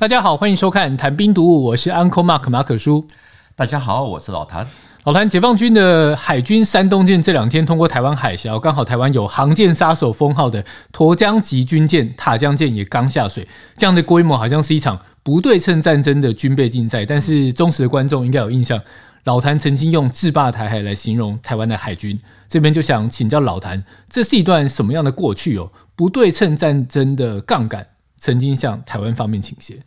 大家好，歡迎收看《譚兵讀武》。我是 Uncle Mark 馬可叔。大家好，我是老譚。老譚，解放軍的海軍山東艦這兩天通過台灣海峽，剛好台灣有“航艦殺手”封號的沱江級軍艦塔江艦也剛下水，這樣的規模好像是一場不對稱戰爭的軍備競賽。但是忠實的觀眾應該有印象，老譚曾經用“制霸台海”來形容台灣的海軍。這邊就想請教老譚，這是一段什麼樣的過去？哦，不對稱戰爭的槓桿曾經向台灣方面傾斜。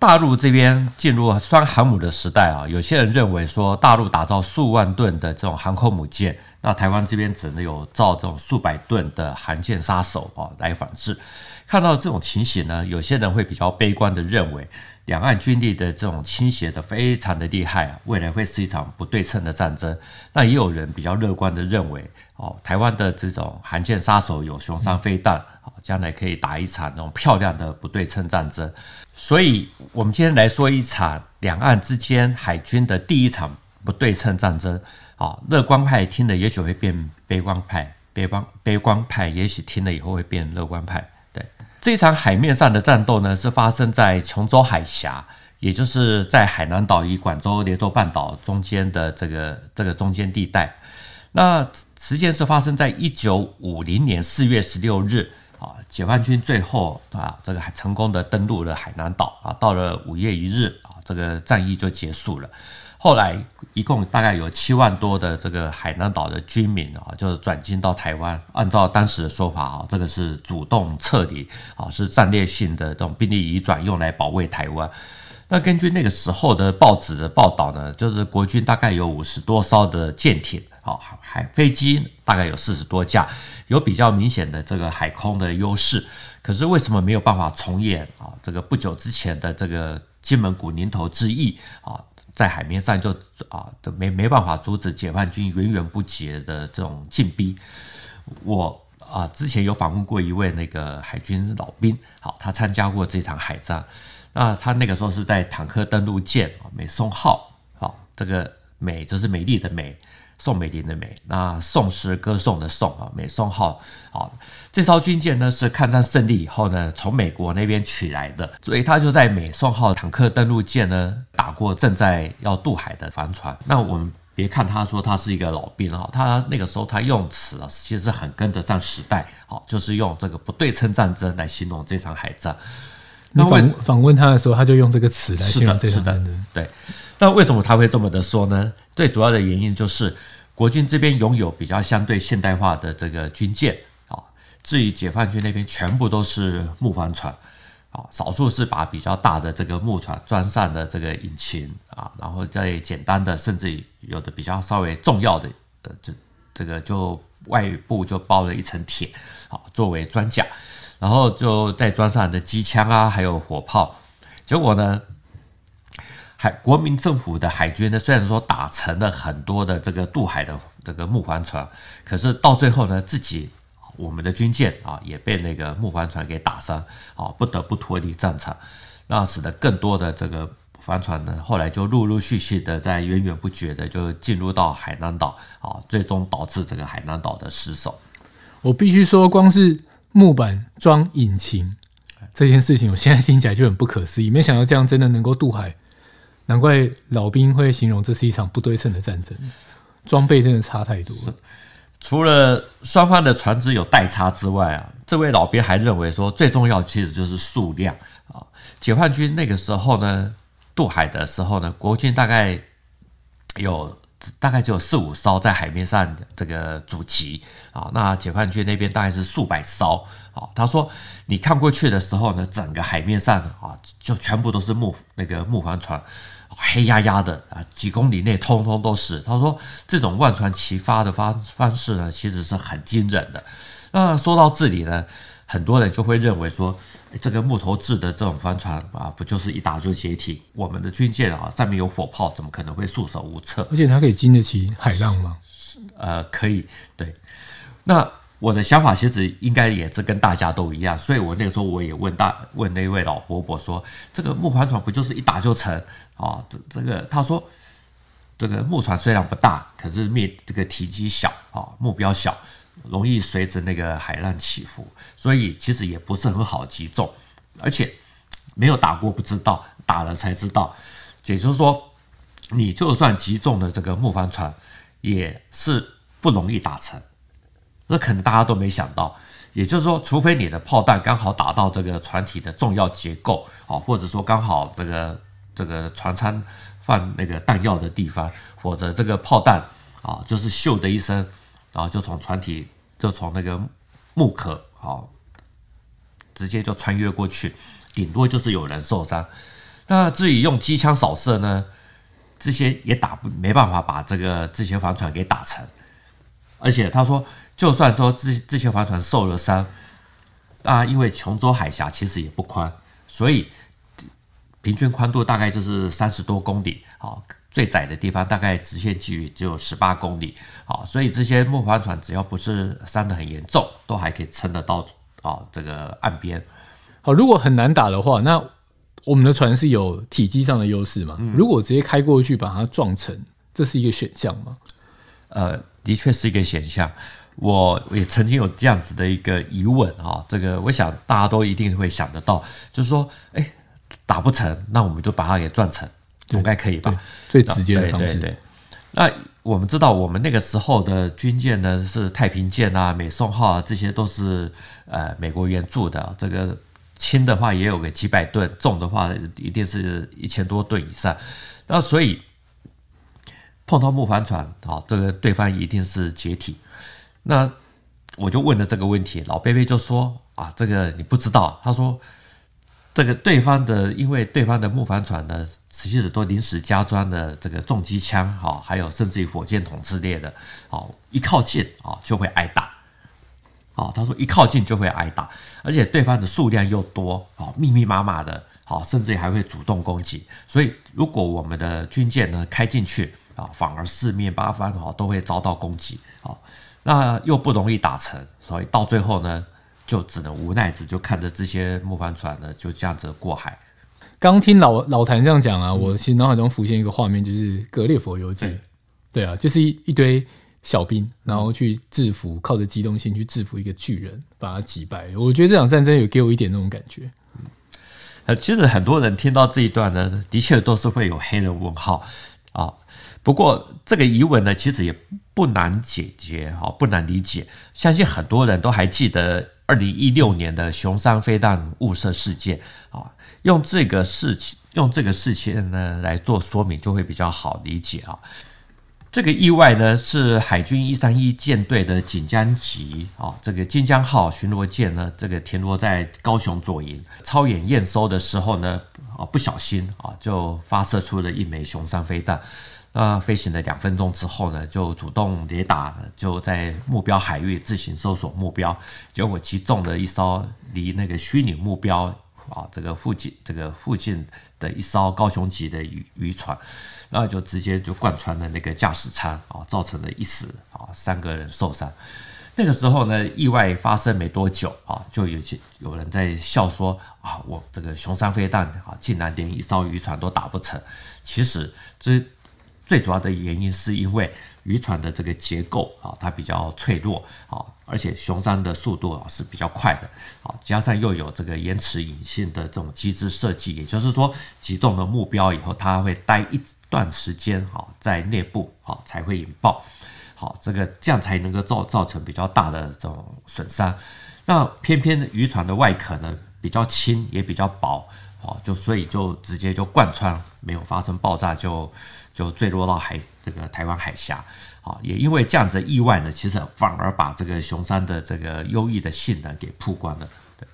大陸這邊進入雙航母的時代啊，有些人認為說大陸打造數萬噸的這種航空母艦，那台灣這邊只能有造這種數百噸的“航艦殺手”啊來反制。看到這種情形呢，有些人會比較悲觀地認為，兩岸軍力的這種傾斜的非常的厲害啊，未來會是一場不對稱的戰爭。那也有人比較樂觀地認為，哦、喔，台灣的這種航艦殺手有雄三飛彈，哦、喔，將來可以打一場那種漂亮的不對稱戰爭。所以，我們今天來說一場兩岸之間海軍的第一場不對稱戰爭。哦、喔，樂觀派聽了也許會變悲觀派，悲觀悲觀派也許聽了以後會變樂觀派。這場海面上的戰鬥呢，是發生在瓊州海峽，也就是在海南島與廣州連州半島中間的這個這個中間地帶。那時間是發生在一九五零年四月十六日啊，解放軍最後啊這個還成功的登陸了海南島啊，到了五月一日啊，這個戰役就結束了。後來一共大概有七萬多的這個海南島的居民啊，就是轉進到台灣。按照當時的說法啊，這個是主動撤離啊，是戰略性的這種兵力移轉，用來保衛台灣。那根據那個時候的報紙的報道呢，就是國軍大概有五十多艘的艦艇啊，海飛機大概有四十多架，有比較明顯的這個海空的優勢。可是為什麼沒有辦法重演啊？這個不久之前的這個金門古寧頭之役啊？在海面上就啊，都沒沒辦法阻止解放軍源源不絕的這種進逼。我啊，之前有訪問過一位那個海軍老兵，好，他參加過這場海戰，那他那個時候是在坦克登陸艦“美松號”啊，這個。美，這、就是美麗的美，宋美齡的美。那宋詩歌頌的宋啊，美宋號啊，這艘軍艦呢是抗戰勝利以後呢從美國那邊取來的，所以他就在美宋號坦克登陸艦呢打過正在要渡海的帆船。那我們別看他說他是一個老兵啊，他那個時候他用詞啊其實很跟得上時代，好，就是用這個不對稱戰爭來形容這場海戰。那訪訪問他的時候，他就用這個詞來形容這兩個人。對，那為什麼他會這麼的說呢？最主要的原因就是國軍這邊擁有比較相對現代化的這個軍艦啊，至於解放軍那邊全部都是木帆船啊，少數是把比較大的這個木船裝上了這個引擎啊，然後再簡單的，甚至有的比較稍微重要的，這這個就外部就包了一層鐵啊，作為裝甲。然後就再裝上你的機槍啊，還有火炮，結果呢，海國民政府的海軍呢，雖然說打沉了很多的這個渡海的這個木帆船，可是到最後呢，自己我們的軍艦啊也被那個木帆船給打傷啊，不得不脫離戰場，那使得更多的這個帆船呢，後來就陸陸續續的在源源不絕的就進入到海南島啊，最終導致這個海南島的失守。我必須說，光是。木板裝引擎這件事情，我現在聽起來就很不可思議。沒想到這樣真的能夠渡海，難怪老兵會形容這是一場不對稱的戰爭，裝備真的差太多了。除了雙方的船隻有代差之外啊，這位老兵還認為說，最重要其實就是數量啊。解放軍那個時候呢，渡海的時候呢，國軍大概有。大概只有四五艘在海面上這個主題，啊，那解放軍那邊大概是數百艘啊。他說，你看過去的時候呢，整個海面上啊，就全部都是木那個木帆船，黑壓壓的啊，幾公里內通通都是。他說，這種萬船齊發的方方式呢，其實是很驚人的。那說到這裡呢，很多人就會認為說。這個木頭製的這種帆船啊，不就是一打就解體？我們的軍艦啊，上面有火炮，怎麼可能會束手無策？而且它可以經得起海浪嗎？呃，可以。對，那我的想法其實應該也是跟大家都一樣，所以我那個時候我也問大問那位老伯伯說：“這個木帆船不就是一打就沉啊、哦？”這這個他說：“這個木船雖然不大，可是滅這個體積小啊、哦，目標小。”容易隨着那個海浪起伏，所以其實也不是很好擊中，而且沒有打過不知道，打了才知道。也就是說，你就算擊中了這個木帆船，也是不容易打沉。那可能大家都沒想到，也就是說，除非你的炮彈剛好打到這個船體的重要結構，啊，或者說剛好這個這個船艙放那個彈藥的地方，否則這個炮彈啊，就是咻的一聲。然後就從船體，就從那個木殼，好，直接就穿越過去，頂多就是有人受傷。那至於用機槍掃射呢，這些也打，沒辦法把這個這些帆船給打沉。而且他說，就算說這些這些帆船受了傷，啊，因為瓊州海峽其實也不寬，所以平均寬度大概就是三十多公里，好。最窄的地方大概直線距離只有十八公里，好，所以這些木帆船只要不是傷的很嚴重，都還可以撐得到啊、哦、這個岸邊。好，如果很難打的話，那我們的船是有體積上的優勢嗎？嗯、如果直接開過去把它撞沉，這是一個選項嗎？呃，的確是一個選項。我也曾經有這樣子的一個疑問啊、哦，這個我想大家都一定會想得到，就是說，哎、欸，打不成，那我們就把它給撞沉。總該對可以吧？最直接的方式。啊、對對對，那我們知道，我們那個時候的軍艦呢，是太平艦啊、美宋號啊，這些都是呃美國援助的。這個輕的話也有個幾百噸，重的話一定是一千多噸以上。那所以碰到木帆船啊，這個對方一定是解體。那我就問了這個問題，老伯伯就說啊，這個你不知道。他說。這個對方的，因為對方的木帆船呢，其實都臨時加裝了這個重機槍，好、哦，還有甚至於火箭筒之類的，好、哦，一靠近啊、哦、就會挨打，哦，他說一靠近就會挨打，而且對方的數量又多，哦，密密麻麻的，好、哦，甚至還會主動攻擊，所以如果我們的軍艦呢開進去啊、哦，反而四面八方哦都會遭到攻擊，哦，那又不容易打沉，所以到最後呢。就只能無奈子就，就看着這些木帆船呢，就這樣子過海。剛聽老老譚這樣講啊，嗯、我其實腦海中浮現一個畫面，就是《格列佛遊記》嗯。對啊，就是一一堆小兵，然後去制服，靠着機動性去制服一個巨人，把他擊敗。我覺得這場戰爭有給我一點那種感覺。呃，其實很多人聽到這一段呢，的確都是會有黑人問號啊、哦。不過這個疑問呢，其實也不難解決哈、哦，不難理解。相信很多人都還記得，二零一六年的雄三飛彈誤射事件啊，用這個事情用這個事情呢來做說明，就會比較好理解啊。這個意外呢是海軍一三一艦隊的錦江級啊，這個金江號巡邏艦呢，這個停泊在高雄左營操演驗收的時候呢，啊，不小心啊就發射出了一枚雄三飛彈。呃，那飛行了兩分鐘之後呢，就主動雷達就在目標海域自行搜索目標，結果擊中了一艘離那個虛擬目標啊這個附近，這個附近的一艘高雄級的漁漁船，然後就直接就貫穿了那個駕駛艙啊，造成了一死啊三個人受傷。那個時候呢，意外發生沒多久啊，就有些有人在笑說啊，我這個雄三飛彈啊，竟然連一艘漁船都打不成。其實這。最主要的原因是因為漁船的這個結構啊，它比較脆弱啊，而且雄三的速度啊是比較快的啊，加上又有這個延遲引信的這種機制設計，也就是說擊中了目標以後，它會待一段時間啊，在內部啊才會引爆，好，這個這樣才能夠造造成比較大的這種損傷。那偏偏漁船的外殼呢，比較輕，也比較薄。哦，就所以就直接就貫穿，沒有發生爆炸，就，就就墜落到海，這個台灣海峽。好，也因為這樣子的意外呢，其實反而把這個雄三的這個優異的性能給曝光了。對，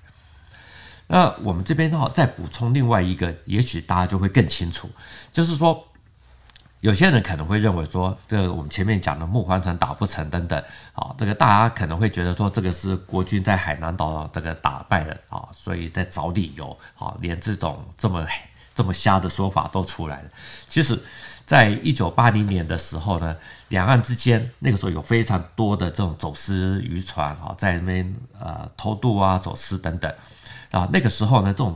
那我們這邊的話再補充另外一個，也許大家就會更清楚，就是說。有些人可能會認為說，這我們前面講的木帆船打不成等等，啊，這個大家可能會覺得說，這個是國軍在海南島這個打敗了啊，所以在找理由啊，連這種這麼這麼瞎的說法都出來了。其實，在一九八零年的時候呢，兩岸之間那個時候有非常多的這種走私漁船啊，在那邊呃偷渡啊、走私等等啊，那個時候呢這種。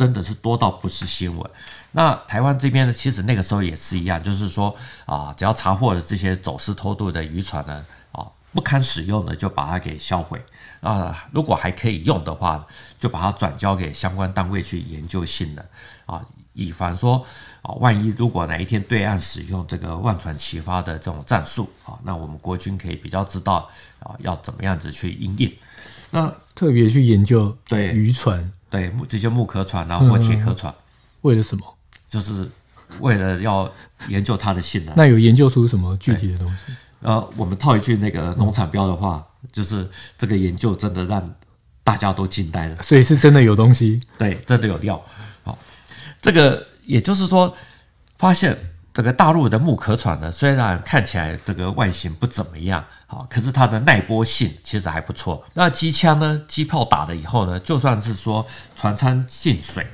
真的是多到不是新聞。那台灣這邊呢，其實那個時候也是一樣，就是說啊，只要查獲了這些走私偷渡的漁船呢，啊，不堪使用的就把它給銷毀。啊，如果還可以用的話，就把它轉交給相關單位去研究性能。啊，以防說啊，萬一如果哪一天對岸使用這個萬船齊發的這種戰術啊，那我們國軍可以比較知道啊要怎麼樣子去因應。那特別去研究對漁船。對，這些木殼船然後或鐵殼船，嗯嗯，為了什麼？就是為了要研究它的性能。那有研究出什麼具體的東西？呃，我們套一句那個農產標的話，嗯、就是這個研究真的讓大家都驚呆了。所以是真的有東西？對，真的有料。好，這個也就是說發現。這個大陸的木殼船呢，雖然看起來這個外形不怎麼樣啊，可是它的耐波性其實還不錯。那機槍呢，機炮打了以後呢，就算是說船艙進水，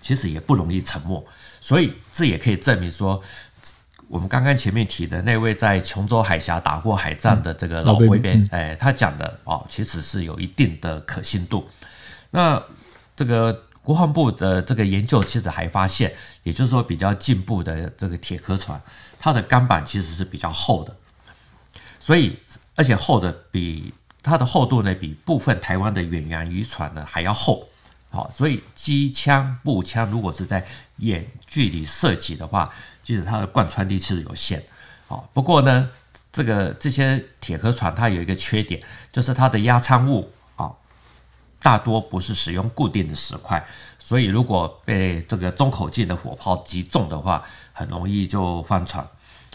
其實也不容易沉沒。所以這也可以證明說，我們剛剛前面提的那位在瓊州海峽打過海戰的這個老兵，嗯老嗯、哎，他講的哦，其實是有一定的可信度。那這個。國防部的這個研究其實還發現，也就是說，比較進步的這個鐵殼船，它的鋼板其實是比較厚的，所以而且厚的比它的厚度呢，比部分台灣的遠洋漁船呢還要厚。好，所以機槍、步槍如果是在遠距離射擊的話，即使它的貫穿力其實有限。好，不過呢，這個這些鐵殼船它有一個缺點，就是它的壓艙物。大多不是使用固定的石塊，所以如果被這個中口徑的火炮擊中的話，很容易就翻船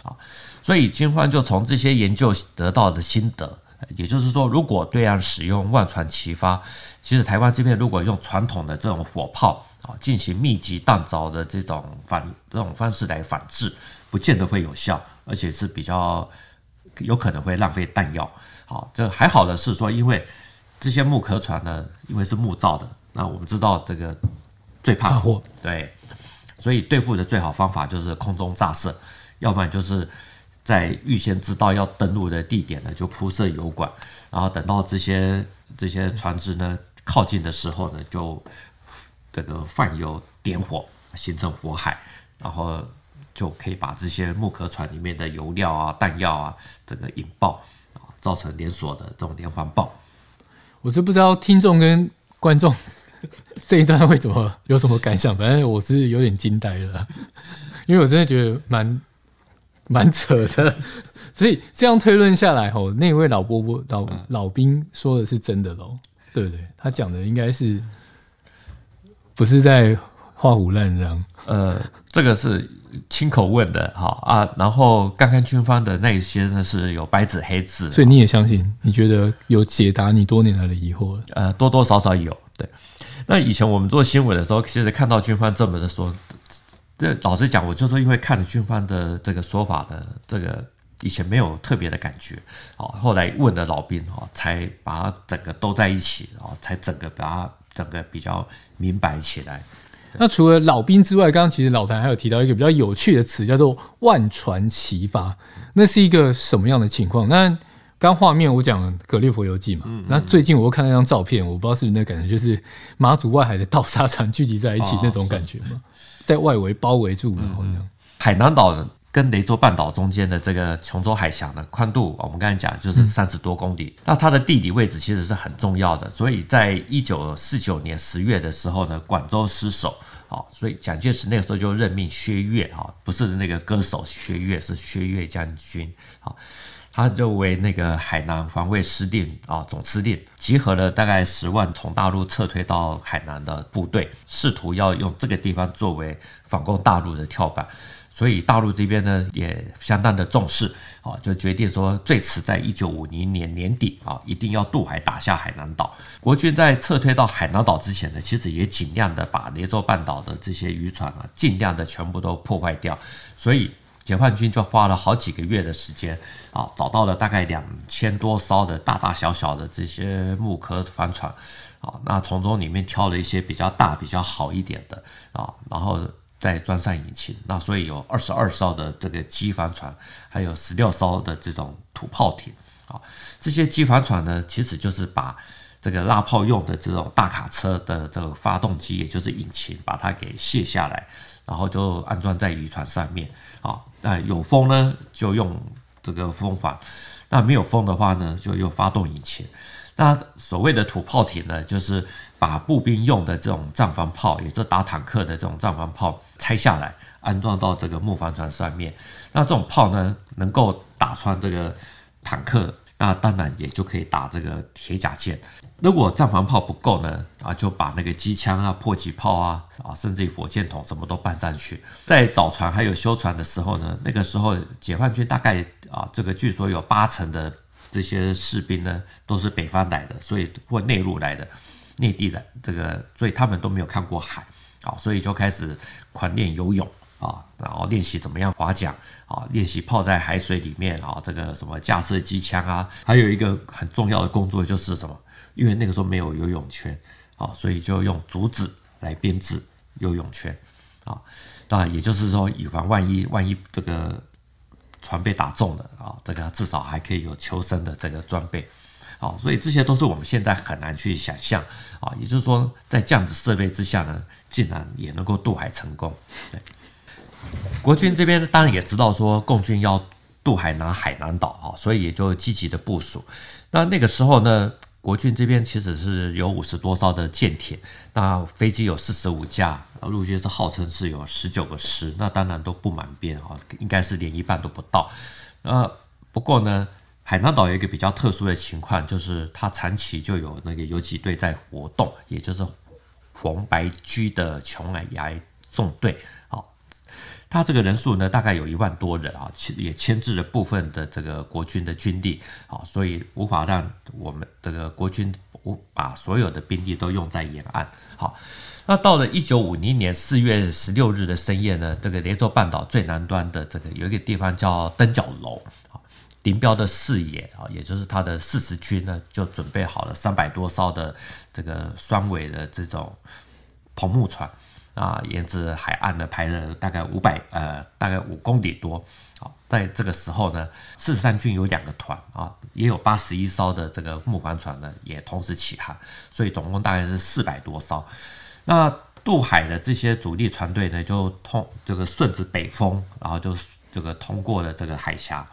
啊。所以軍方就從這些研究得到的心得，也就是說，如果對岸使用萬船齊發，其實台灣這邊如果用傳統的這種火炮啊，進行密集彈着的這種反這種方式來反制，不見得會有效，而且是比較有可能會浪費彈藥。好，這還好的是說，因為。這些木殼船呢，因為是木造的，那我們知道這個最怕火，對，所以對付的最好方法就是空中炸射，要不然就是在預先知道要登陸的地點呢，就鋪設油管，然後等到這些這些船隻呢靠近的時候呢，就這個放油點火，形成火海，然後就可以把這些木殼船裡面的油料啊、彈藥啊，這個引爆，啊，造成連鎖的這種連環爆。我是不知道聽眾跟觀眾這一段會怎麼有什麼感想，反正我是有點驚呆了，因為我真的覺得蠻蠻扯的，所以這樣推論下來，哦，那位老伯伯老老兵說的是真的嘍，對不對，對？他講的應該是不是在畫虎爛這樣？呃，這個是。親口問的哈啊，然後剛剛軍方的那些呢是有白紙黑字，所以你也相信？你覺得有解答你多年來的疑惑？呃，多多少少有。對，那以前我們做新聞的時候，其實看到軍方這麼的說，這老實講，我就是因為看了軍方的這個說法的這個，以前沒有特別的感覺。哦，後來問的老兵哈，才把它整個都在一起，然後才整個把它整個比較明白起來。那除了老兵之外，剛剛其實老譚還有提到一個比較有趣的詞，叫做“萬船齊發”。那是一個什麼樣的情況？那剛畫面我講了《格列佛遊記》嘛，那、嗯嗯、最近我又看了張照片，我不知道是不是那感覺，就是馬祖外海的盜沙船聚集在一起那種感覺嘛，哦、在外圍包圍住，然後這樣嗯嗯海南島的，跟雷州半島中間的這個瓊州海峽的寬度，我們剛才講就是三十多公里。嗯、那它的地理位置其實是很重要的，所以在一九四九年十月的時候呢，廣州失守，啊，所以蔣介石那個時候就任命薛岳，啊，不是那個歌手薛岳，是薛岳將軍，啊，他就為那個海南防衛司令，啊，總司令，集合了大概十萬從大陸撤退到海南的部隊，試圖要用這個地方作為反攻大陸的跳板。所以大陸這邊呢也相當的重視啊，就決定說最遲在一九五零年年底啊，一定要渡海打下海南島。國軍在撤退到海南島之前呢，其實也盡量的把雷州半島的這些漁船啊，盡量的全部都破壞掉。所以解放軍就花了好幾個月的時間啊，找到了大概兩千多艘的大大小小的這些木殼帆船啊，那從中裡面挑了一些比較大、比較好一點的啊，然後。再裝上引擎，那所以有二十二艘的這個機帆船，還有十六艘的這種土炮艇。啊，這些機帆船呢，其實就是把這個拉炮用的這種大卡車的這個發動機，也就是引擎，把它給卸下來，然後就安裝在漁船上面。啊，那有風呢，就用這個風帆；那沒有風的話呢，就又發動引擎。那所謂的土炮艇呢，就是把步兵用的這種戰防炮，也就是打坦克的這種戰防炮拆下來，安裝到這個木帆船上面。那這種炮呢，能夠打穿這個坦克，那當然也就可以打這個鐵甲艦。如果戰防炮不夠呢，啊，就把那個機槍啊、迫擊炮啊，啊，甚至於火箭筒什麼都搬上去。在造船還有修船的時候呢，那個時候解放軍大概啊，這個據說有八成的。這些士兵呢，都是北方來的，所以或內陸來的，內地的這個，所以他們都沒有看過海，哦、所以就開始狂練游泳啊、哦，然後練習怎麼樣划槳啊，練習泡在海水裡面啊、哦，這個什麼架設機槍啊，還有一個很重要的工作就是什麼，因為那個時候沒有游泳圈，啊、哦，所以就用竹子來編制游泳圈，啊、哦，那也就是說，以防萬一，萬一這個。船被打中了啊，這個至少還可以有求生的這個裝備，啊。所以這些都是我們現在很難去想象啊。也就是說，在這樣子設備之下呢，竟然也能夠渡海成功。對，國軍這邊當然也知道說，共軍要渡海拿海南島啊，所以也就積極的部署。那那個時候呢？國軍這邊其實是有五十多艘的艦艇，那飛機有四十五架，陸軍是號稱是有十九個師，那當然都不滿編啊，應該是連一半都不到。呃，不過呢，海南島有一個比較特殊的情況，就是它長期就有那個游擊隊在活動，也就是馮白駒的瓊崖縱隊。他這個人數呢，大概有一萬多人啊，也牽制了部分的這個國軍的軍力，啊，所以無法讓我們這個國軍把所有的兵力都用在沿岸。好，那到了一九五零年四月十六日的深夜呢，這個雷州半島最南端的這個有一個地方叫登角樓，林彪的四野啊，也就是他的四十軍呢，就準備好了三百多艘的這個雙桅的這種篷木船。啊，沿着海岸呢，排了大概五百呃，大概五公里多。好，啊，在這個時候呢，四十三軍有兩個團啊，也有八十一艘的這個木帆船呢，也同時起航，所以總共大概是四百多艘。那渡海的這些主力船隊呢，就通就這個順着北風，然後就這個通過了這個海峽，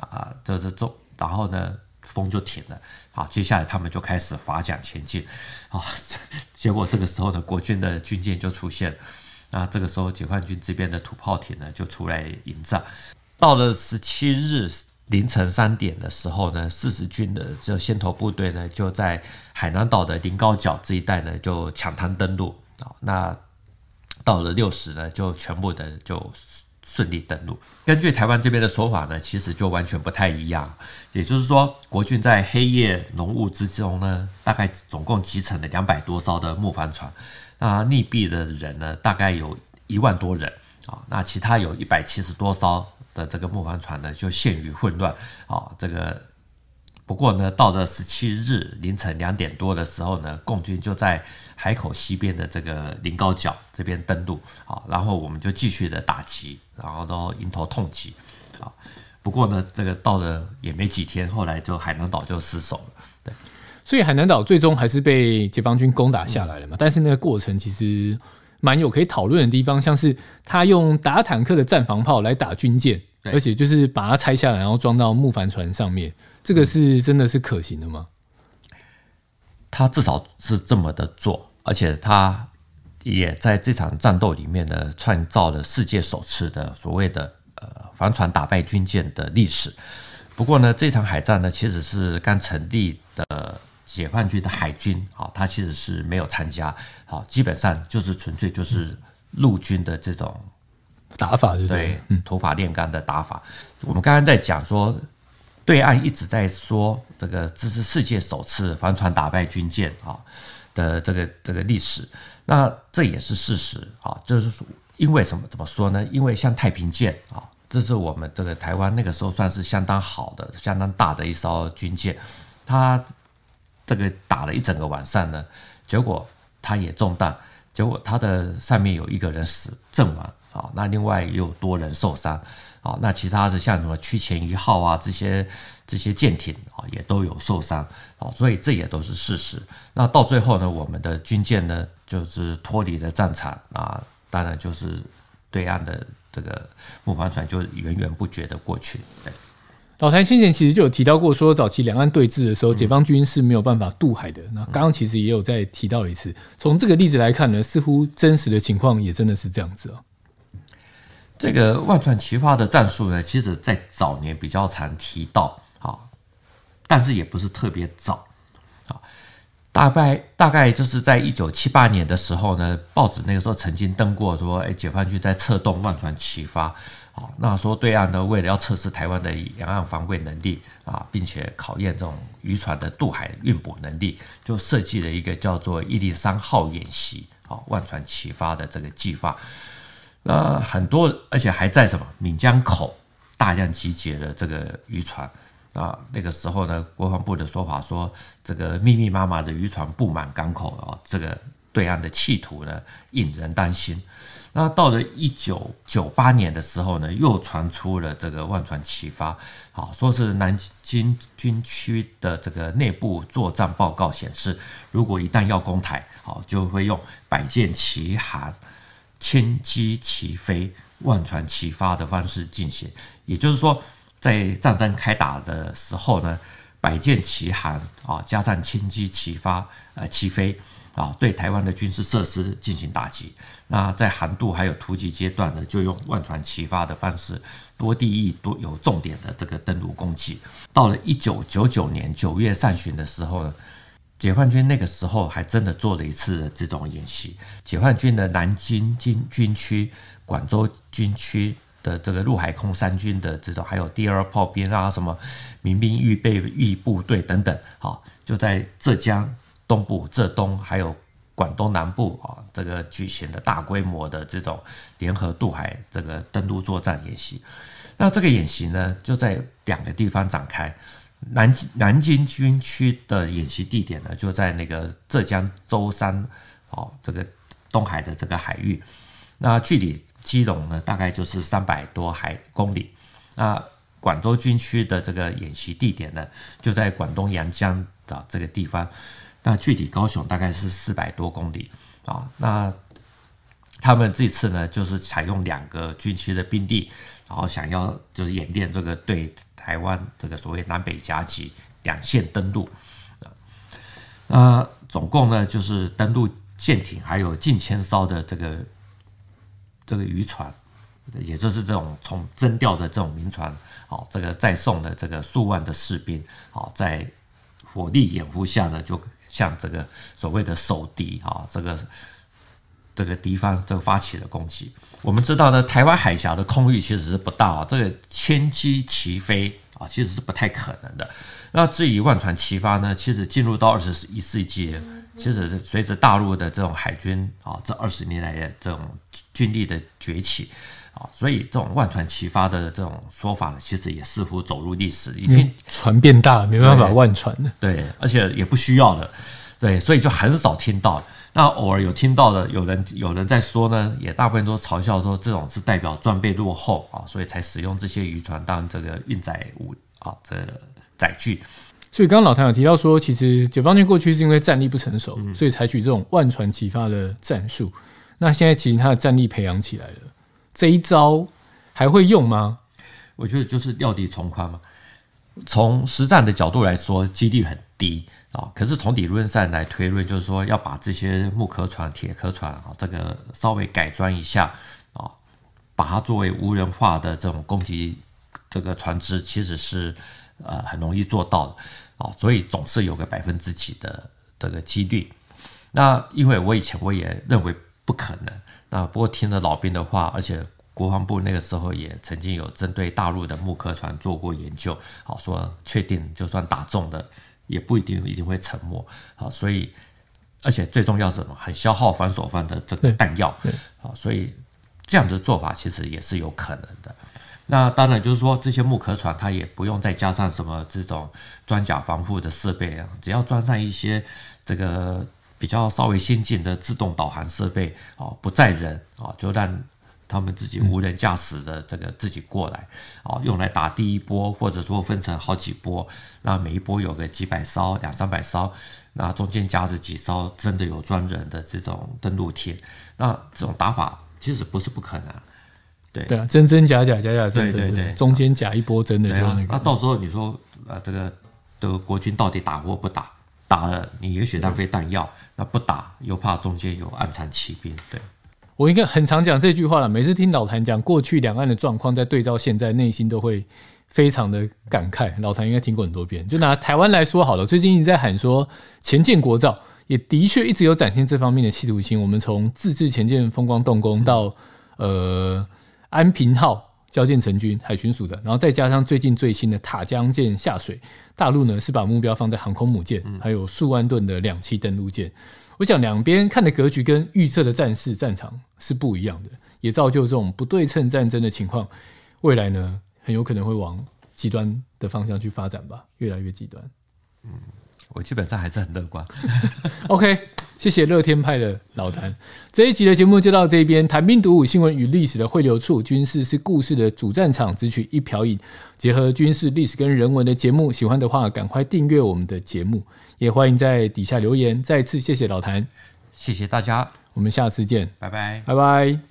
啊，這這中，然後呢，風就停了，好，接下來他們就開始划槳前進，啊，結果這個時候呢，國軍的軍艦就出現了，那這個時候解放軍這邊的土炮艇呢，就出來迎戰。到了十七日凌晨三點的時候呢，四十軍的這先頭部隊呢，就在海南島的臨高角這一帶呢，就搶灘登陸，啊，那到了六時呢，就全部的就。順利登陸。根據台灣這邊的說法呢，其實就完全不太一樣。也就是說，國軍在黑夜濃霧之中呢，大概總共集成了兩百多艘的木帆船，那溺斃的人呢，大概有一萬多人啊、哦。那其他有一百七十多艘的這個木帆船呢，就陷於混亂啊、哦，這個。不過呢，到了十七日凌晨兩點多的時候呢，共軍就在海口西邊的這個臨高角這邊登陸，好，然後我們就繼續的打起，然後都迎頭痛擊。不過呢，這個到了也沒幾天，後來就海南島就失守了。所以海南島最終還是被解放軍攻打下來了嘛。嗯。但是那個過程其實蠻有可以討論的地方，像是他用打坦克的戰防炮來打軍艦，對而且就是把它拆下來，然後裝到木帆船上面。這個是真的是可行的嗎？嗯，他至少是這麼的做，而且他也在這場戰鬥裡面呢，創造了世界首次的所謂的呃帆船打敗軍艦的歷史。不過呢，這場海戰呢，其實是剛成立的解放軍的海軍啊、哦，他其實是沒有參加，啊、哦，基本上就是純粹就是陸軍的這種打法，對不對？對嗯，土法煉鋼的打法。我們剛剛在講說。對岸一直在說，這個這是世界首次帆船打敗軍艦啊的這個這個歷史，那這也是事實啊。就是說，因為什麼？怎麼說呢？因為像太平艦啊，這是我們這個臺灣那個時候算是相當好的、相當大的一艘軍艦，它這個打了一整個晚上呢，結果它也中彈，結果它的上面有一個人死，陣亡。好，那另外又多人受傷，好，那其他的像什麼驅前一號啊這些這些艦艇啊也都有受傷，好，所以這也都是事實。那到最後呢，我們的軍艦呢就是脫離了戰場啊，那當然就是對岸的這個木帆船就源源不絕的過去。對，老譚先前其實就有提到過說，說早期兩岸對峙的時候，解放軍是沒有辦法渡海的。嗯、那剛剛其實也有再提到一次，從這個例子來看呢，似乎真實的情況也真的是這樣子哦。這個萬船齊發的戰術呢，其實，在早年比較常提到啊，但是也不是特別早啊，大概大概就是在一九七八年的時候呢，報紙那個時候曾經登過說，哎，解放軍在策動萬船齊發啊，那說對岸呢，為了要測試台灣的沿岸防衛能力啊，並且考驗這種漁船的渡海運補能力，就設計了一個叫做“一零三號”演習啊，萬船齊發的這個計劃。那很多，而且還在什麼閩江口大量集結了這個漁船啊，那，那個時候呢，國防部的說法說，這個密密麻麻的漁船布滿港口啊，這個對岸的企圖呢，引人擔心。那到了一九九八年的時候呢，又傳出了這個萬船齊發，好，說是南京軍區的這個內部作戰報告顯示，如果一旦要攻台，好，就會用百艦齊航。千機齊飛、萬船齊發的方式進行，也就是說，在戰爭開打的時候呢，百艦齊航啊，加上千機齊發、呃齊飛啊，對台灣的軍事設施進行打擊。那在航渡還有突擊階段呢，就用萬船齊發的方式，多地域，多有重點的這個登陸攻擊。到了一九九九年九月上旬的時候呢。解放軍那個時候還真的做了一次的這種演習，解放軍的南京軍軍區、廣州軍區的這個陸海空三軍的這種，還有第二炮兵啊，L P P、A, 什麼民兵預備役部隊等等，好，就在浙江東部浙東，還有廣東南部啊，這個舉行的大規模的這種聯合渡海這個登陸作戰演習。那這個演習呢，就在兩個地方展開。南南京軍區的演習地點呢，就在那個浙江舟山，哦，這個東海的這個海域。那距離基隆呢，大概就是三百多海公里。那廣州軍區的這個演習地點呢，就在廣東陽江的這個地方。那距離高雄大概是四百多公里啊、哦。那他們這次呢，就是採用兩個軍區的兵力，然後想要就是演練這個對。台灣這個所謂南北夾擊，兩線登陸，啊，那，總共呢就是登陸艦艇，還有近千艘的這個這個漁船，也就是這種從徵調的這種民船，好，這個載送的這個數萬的士兵，好，在火力掩護下呢，就向這個所謂的守敵啊，這個。這個地方就發起了攻擊。我們知道呢，台灣海峽的空域其實是不大啊，這個千機齊飛啊，其實是不太可能的。那至於萬船齊發呢，其實進入到二十一世紀，其實是隨着大陸的這種海軍啊，這二十年來的這種軍力的崛起啊，所以這種萬船齊發的這種說法呢，其實也似乎走入歷史，已經、嗯、片船變大了，沒辦法萬船了對。對，而且也不需要了，對，所以就很少聽到。那偶爾有聽到的，有人有人在說呢，也大部分都嘲笑說，這種是代表裝備落後啊，所以才使用這些漁船當這個運載物啊，這個載具。所以剛剛老譚有提到說，其實解放軍過去是因為戰力不成熟，所以採取這種萬船齊發的戰術。嗯、那現在其實他的戰力培養起來了，這一招還會用嗎？我覺得就是料敵從寬嘛。從實戰的角度來說，幾率很。低啊！可是從理論上來推論，就是說要把這些木殼船、鐵殼船啊，這個稍微改裝一下啊，把它作為無人化的這種攻擊這個船隻，其實是呃很容易做到的啊。所以總是有個百分之幾的這個幾率。那因為我以前我也認為不可能，那不過聽了老兵的話，而且國防部那個時候也曾經有針對大陸的木殼船做過研究，啊，說確定就算打中了。也不一定一定會沉沒，所以，而且最重要是什麼？很消耗防守方的這個彈藥，所以這樣的做法其實也是有可能的。那當然就是說，這些木殼船它也不用再加上什麼這種裝甲防護的設備，只要裝上一些這個比較稍微先進的自動導航設備，啊，不載人，啊，就讓。他們自己無人駕駛的這個自己過來，嗯、哦，用來打第一波，或者說分成好幾波，那每一波有個幾百艘、兩三百艘，那中間夾着幾艘真的有專人的這種登陸艇，那這種打法其實不是不可能。對對啊，真真假假，假假,假真真，對,對,對，中間夾一波真的就那個啊、那到時候你說，啊，這個這個國軍到底打或不打？打了，你也許浪費彈藥；嗯、那不打，又怕中間有暗藏奇兵，對。我應該很常講這句話了，每次聽老譚講過去兩岸的狀況，再對照現在，內心都會非常的感慨。老譚應該聽過很多遍。就拿台灣來說好了，最近一直在喊說“潛艦國造”，也的確一直有展現這方面的企圖心。我們從自制潛艦“風光動”動工到呃“安平號”交建成軍，海巡署的，然後再加上最近最新的“塔江艦”下水。大陸呢是把目標放在航空母艦，還有數萬噸的兩棲登陸艦。我想兩邊看的格局跟預測的戰事戰場是不一樣的，也造就這種不對稱戰爭的情況。未來呢，很有可能會往極端的方向去發展吧，越來越極端。嗯，我基本上還是很樂觀。 OK，謝謝樂天派的老譚，這一集的節目就到這邊。譚兵讀武，新聞與歷史的匯流處，軍事是故事的主戰場，只取一瓢飲，結合軍事、歷史跟人文的節目。喜歡的話，趕快訂閱我們的節目。也歡迎在底下留言。再次謝謝老譚，謝謝大家，我們下次見，拜拜，拜拜。